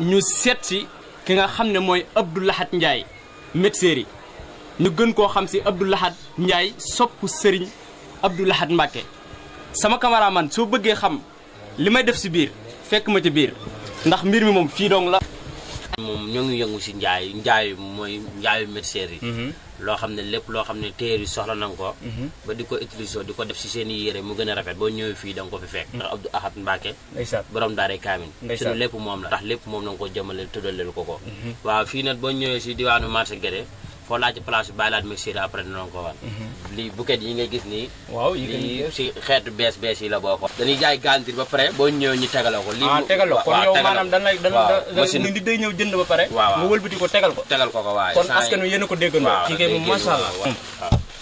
ñu seet si ki nga xam ne mooy ab du Abdou Lahad Ndiaye médecin ñu gën koo xam si Abdou laxat njaay soppu sëriñ ab du Lahad Mbacke sama cameraman soo bëggee xam li may def si biir fekk ma ci biir ndax mbir mi moom fii dong la. moom ñoo ngi yëngu si njaay njaayu mooy njaayu mercerie yi mhm. loo xam ne lépp loo xam ne téer yi soxla nañ ko mhm. ba di ko utiliser di ko def si seen i yére mu gën a rafet boo ñëwee fii da nga ko fi fekk ndax mhm. Abdou Ahad Mbacke borom daare kaamin suñu lépp moom la ndax lépp moom na nga ko jëmale tuddaleel ko ko waaw fii nag boo ñëwee si diwaanu marché Guédé foo laaj place bi bàyyi laat mi sir après dinañ ko wan mhm. lii buket yi ngay gis nii waaw lii si xeetu bees bees yi la boo ko dañuy jaay garniture ba pare boo ñëwee ñu tegaloo ko lii ah, tegaloo kon yow maanaam dan lay nit day ñëw jënd ba pare nga wëlbati ko tegal ko tegal ko ko waaye kon askan wi yéen a ko déggandoo ci kay masha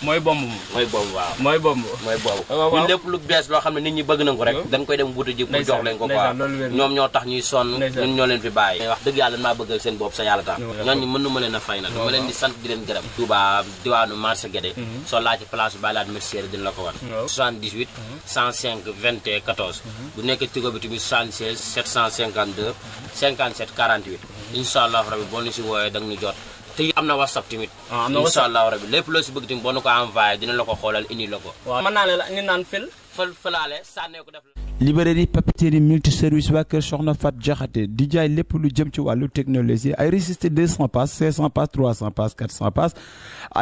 mooy bomb mooy bomb waaw mooy bomb mooy bomb eh, ñun lépp lu bees loo xam ne nit ñi bëgg nañ ko rek dañ koy dem wuta ji pour jox leen ko quoi ñoom ñoo tax ñuy sonn ñun ñoo leen fi bàyyi wax dëgg yàlla maa bëgg seen bopp sa yàlla tax ñooñu mën nu ma leen a fay nag ma leen di sant di leen gërëm Touba diwaanu marché Guédé mhm. soo laa ci place bi laaj mercier dina la ko wan 78 105 21 14 bu nekk Tigo bi tamit 76 752 57 48 incha allah rabi boo ñu si wooyee da nga ñu jot te am na whatsapp tamit. Ah, am na whatsapp incha allahu rabi loo si bëgg tamit boo na ko envoyé dina la ko xoolal indi la ko. waaw mën naa leen ñu naan fil. fël fëlaale sànnee ko def. librairie papeterie multiservice waa kër Soxna Fat Jaxate di jaay lépp lu jëm ci wàllu technologie ay résisté 200 pass 500 pass 300 pass 400 pass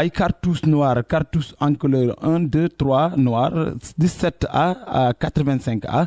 ay cartouches noires cartouches en couleur 1 2 3 noir 17A à 85A.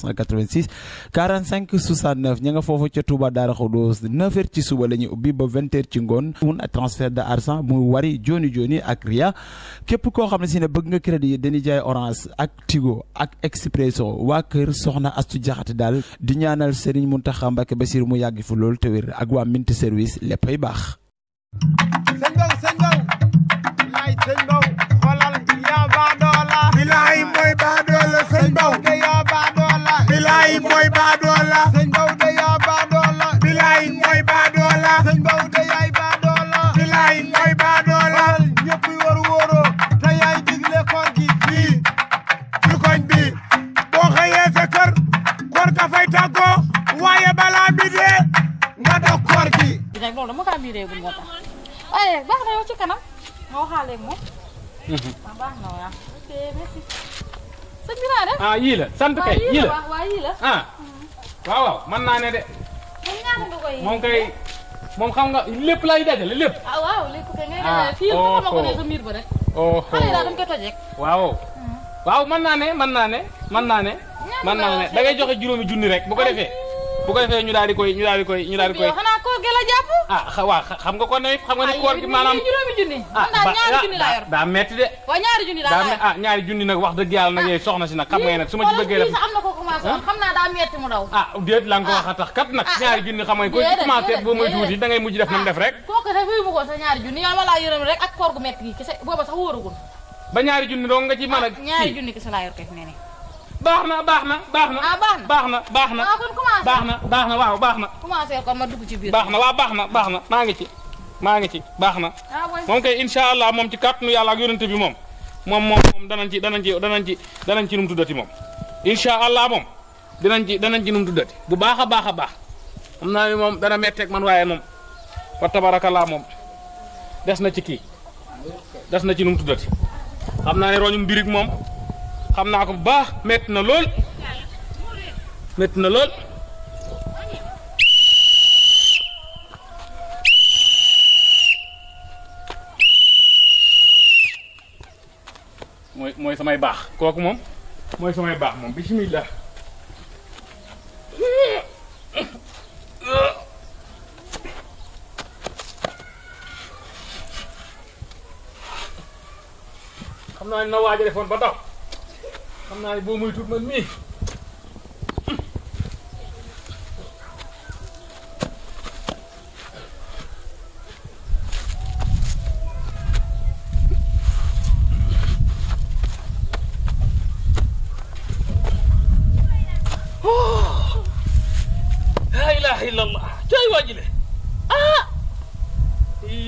386 45 69 ña nga foofu ca Touba Daara Khoudous 9h ci suba la ñuy ubbi ba 20h ci ngoon mun transfert de argent muy wari joni joni ak ria képp koo xam ne si ne bëgg nga crédit dañuy jaay orange ak tigo ak expresso waa kër soxna astu jaxate daal di ñaanal Serigne Mountakha Mbacké Bassirou mu yàgg fi lool te wér ak waa Mint service léppay baax baadoola sëñ Daouda yaa baadoola bilaay mooy baadoola sëñ Daouda yaay baadoola bilaay mooy baadoola digle koor gi fii ci koñ bi boo xëyee sa kër koor ka fay tàggoo waaye balaa bi nga dog koor gi nag loolu dama kaa biireegul eh, mm-hmm. ah, kay yii waaw man mën naa ne de. moom kay moom xam nga lépp laay dajale lépp. ah waaw lépp kay ah, ne ba rek. xale yi daal waaw hmm. waaw mën naa ne man naa ne mën naa ne. mën naa ne da ngay joxe juróomi junni rek bu ko defee. bu ko defee ñu daal di koy ñu daal di koy ñu daal di koy. gi a jàpp. ah xam nga ko ne xam nga ne koor gi maanaam a juróomi junni ah, ñaari ah, junni laa yor daa metti de. waaw ah, ñaari junni nag wax dëgg yàlla nag yooyu soxna si nag xam nga nag su ma ci bëggee def am na ko commencé woon xam a tax kat nag ñaari junni xam nga koy commencé boo may tuuti da ngay mujj def nam def rek kooku sax fuy junni yow ma laa yërëm rek ak koor gu metti gi ba ñaari junni dong nga ci mën a ñaari junni kese laa yor kay ne baax na baax na baax na. ah baax na baax na baax na ah, baax na waaw baax na. commencé ko ma ci biir. baax na waaw baax na baax na maa ngi ci maa ngi ci baax na. Ah, moom kay incha allah moom ci kàttanu yàlla ak yonente bi moom. moom moom moom danañ ci danañ ci danañ ci danañ ci nu mu tuddati moom. incha allah moom dinañ ci danañ ci nu mu tuddati bu baax a baax a baax xam naa ne moom dana metteeg man waaye moom fa tabarakallah moom des na ci kii des na ci nu mu tuddati xam naa ne roñum birig moom. xam naa ko bu baax metti na lool metti na lool mooy mooy samay baax kooku moom mooy samay baax moom bismillah xam naa ne na waaj a defoon ba daw xam naa ne boo moytuwul man mii. laa ilaaha illallah jaay waa ji le ah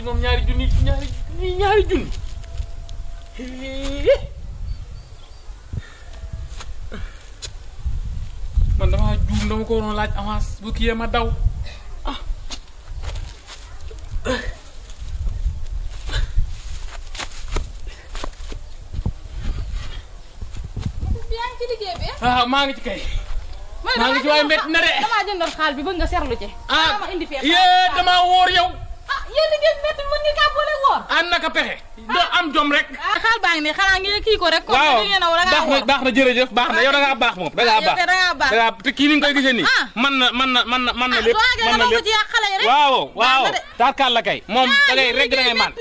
moom ñaari junni ñaari ñaari man damaa juum ah. ah, maa ngi ci kay. maa ngi ci waaye métti na de. damaa jëndoon xaal bi bëgg nga seetlu ci. Ah, yee damaa wóor yow. ah naka pexe. doo am jom rek. saal baa ngi nii xanaa ngi kii ko rek. waaw baax na baax na jërëjëf baax na yow da ngaa baax moom ah, da ngaa baax da ngaa baax kii ni nga koy gisee ah. man na man na man na man na ah, lépp man na lépp waaw waaw taakaar la kay moom da ngay rek da ngay man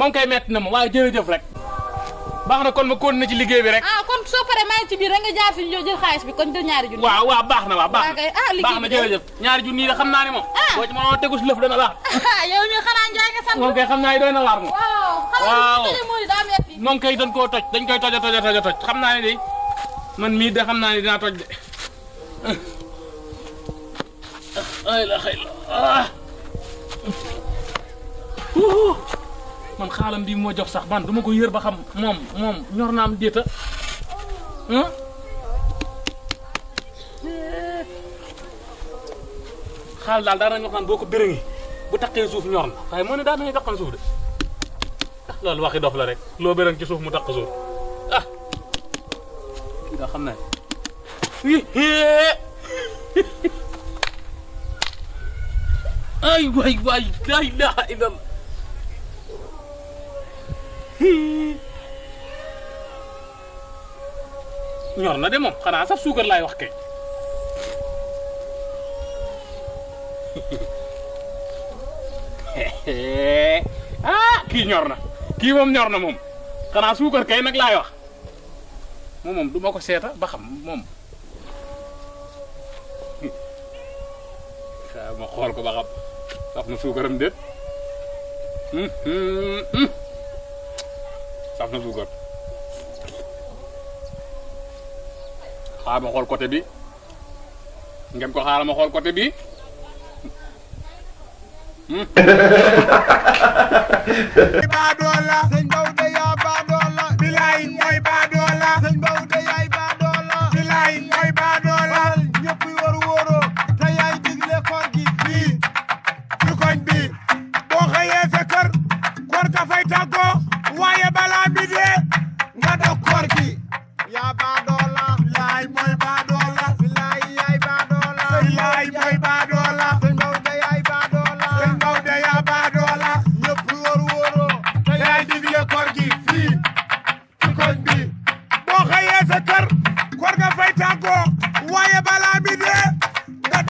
moom kay metti na ma waaye jërëjëf rek baax na kon ma continuer ci liggéey bi rek. Ah, kon soo paree maa ngi ci biir rek nga jaar fi ñu jël xaalis bi kon jël ñaari junni. waaw baax na waaw baax na ah, baax na jërëjëf ñaari junni da xam naa ne moom. Ah. boo ci mënoon tegu si lëf dana baax. yow ñu xanaa njaay nga moom kay xam naa ne doy na waar moom. waaw moom kay dañ koo toj dañ koy toj a toj a toj xam naa mii de xam naa ne dinaa toj man xaalam bi moo jox sax man du ma ko yër ba xam moom moom ñor na am déeta xaal daal daanañ ko bérëŋi bu taqee suuf ñor na waaye moo ne daa nañu taqan suuf de ah waxi dof la rek loo bérëŋ ci suuf mu taq suuf ah kii daa xam naa ay waay waay la ilaha illallah ñor na de moom xanaa saf suukar laay wax kay ah kii ñor na kii moom ñor na moom xanaa suukar kay nag laay wax moom moom du ko seeta ba xam moom ma xool ko ba xam wax na suukaram déet hmm, hmm, hmm. saf na suukar xaaral ma xool côté bi ngeen ko xaaral ma xool côté bi baa hmm. doola bay ba